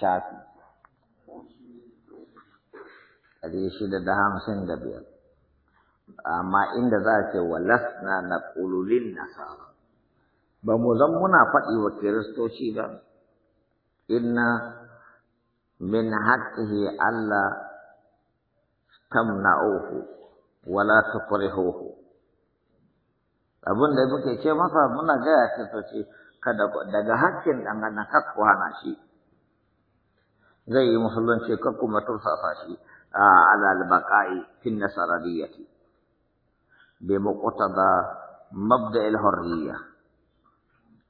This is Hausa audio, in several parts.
shafi ɗari shida da hamsin da biyar amma inda za a ce walasna na ƙululin nasara ba mu zan muna faɗi wa kiristoci ba inna min haƙƙihi Allah tamna'uhu wala tukrihuhu abin da muke ce masa muna gaya kiristoci kada daga haƙƙin ɗan adam hana shi zai yi musulunci kar kuma tursasa shi a alal baqa'i fi nasaraniyyati bi muqtada mabda al na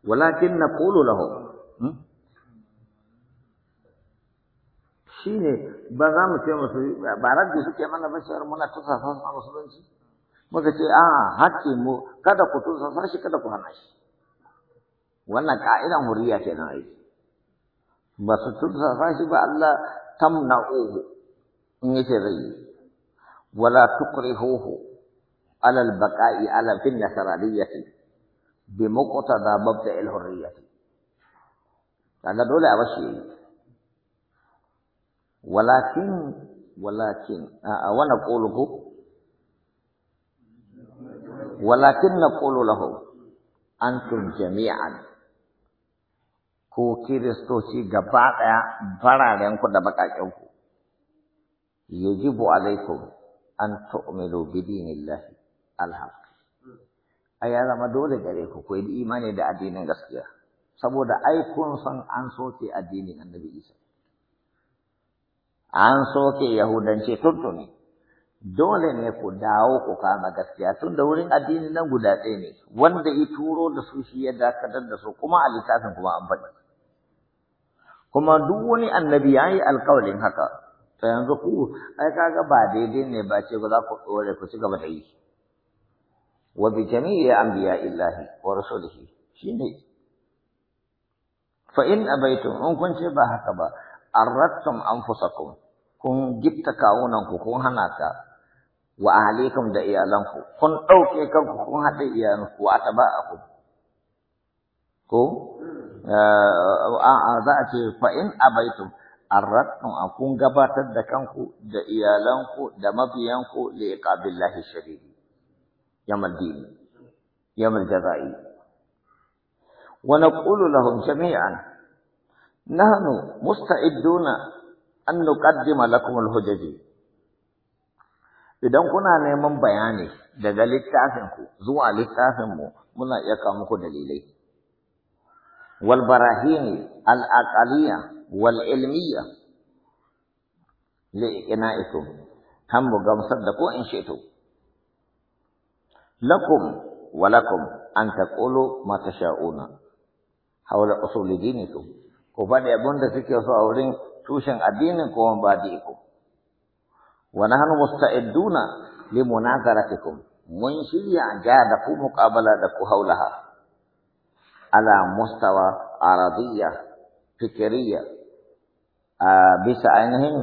walakin naqulu lahu hmm? shine ba za mu ce musu ba raddi suke mana ba shi muna tursasa sa musulunci muka ce a hakki mu kada ku tursasa shi kada ku hana shi wannan ka'idan hurriya na aiki بسطر صفحه بالله تمنعوه نتغي ولا تكرهوه على البقاء على في النصرانية بمقتضى مبدا الحرية هذا دولة أبشي ولكن ولكن آه، آه، ونقوله ولكن نقول له أنتم جميعا ko kiristoci gaba ɗaya fararen ku da baƙaƙen ku yajibu alaikum an tu'minu bi dinillahi alhaq a ya zama dole gare ku ku yi imani da addinin gaskiya saboda ai kun san an soke addinin annabi isa an soke yahudanci tuntuni dole ne ku dawo ku kama gaskiya tun da wurin addini nan guda ɗaya ne wanda ya turo da su shi ya dakatar da su kuma a littafin kuma an faɗi kuma duk wani annabi ya yi alkawalin haka to yanzu ku ai kaga ba daidai ne ba ce ba za ku tsore ku ci gaba da yi wa bi jami'i anbiya illahi wa rasulihi shine fa in abaitum in kun ce ba haka ba arattum anfusakum kun gifta kawunan ku kun hana ka wa alaikum da iyalanku kun dauke kanku kun hada iyalanku wa tabaku ko a'a eh, za a ce fa in abaitum arradtum an kun gabatar da kanku da iyalanku da mabiyanku li iqabillahi shadidi yamal madini ya jazai wa naqulu lahum jami'an nahnu musta'iduna an nuqaddima lakum al-hujaji idan kuna neman bayani daga littafinku zuwa littafinmu muna iya kawo muku dalilai والبراهين العقلية والعلمية لإقنائكم هم صدقوا إن شئتم لكم ولكم أن تقولوا ما تشاءون حول أصول دينكم وبعد أبون تسكي صورين توشن أدينكم وبادئكم ونحن مستعدون لمناظرتكم من شيء جادكم مقابلة حولها Ala مستوى عرضية فكرية بس عينهم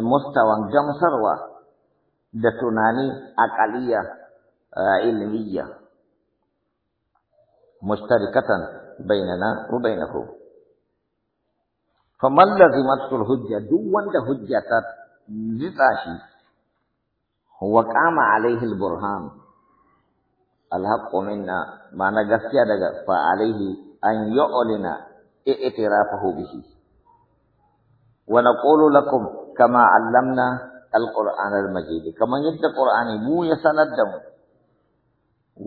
مستوى جمسروة da tunani aƙaliya ah, ilmiya mushtarikatan bainana wa bainakum faman lazimatul hujja duk wanda hujja ta jitsa shi wa qama alaihi burhan alhaqqu minna mana gaskiya daga fa alaihi an yu'lina i'tirafahu bihi wa naqulu lakum kama 'allamna al-Qur'an al-Majid yadda Qur'ani mu ya sanar da mu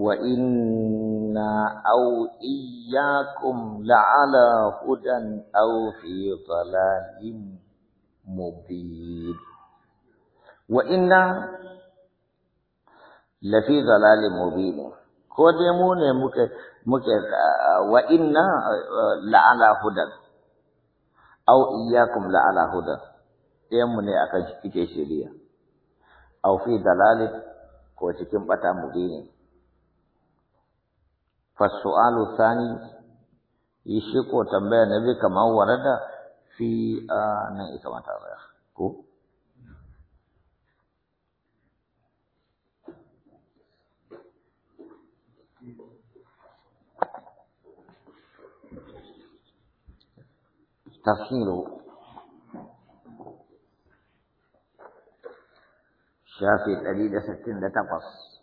wa inna aw iyyakum la'ala hudan aw fi dhalalin mubin wa inna lafi zalalin mubin ko dai mu ne muke muke wa inna la'ala hudan aw iyyakum la'ala hudan ɗayan mu ne akan cike shari'a aw fi dalali ko cikin bata bine. fasu'alu thani yi shi ko tambaya na bi kamar warada fi na isa mata ko تفصيله شافي دليل ستين تقص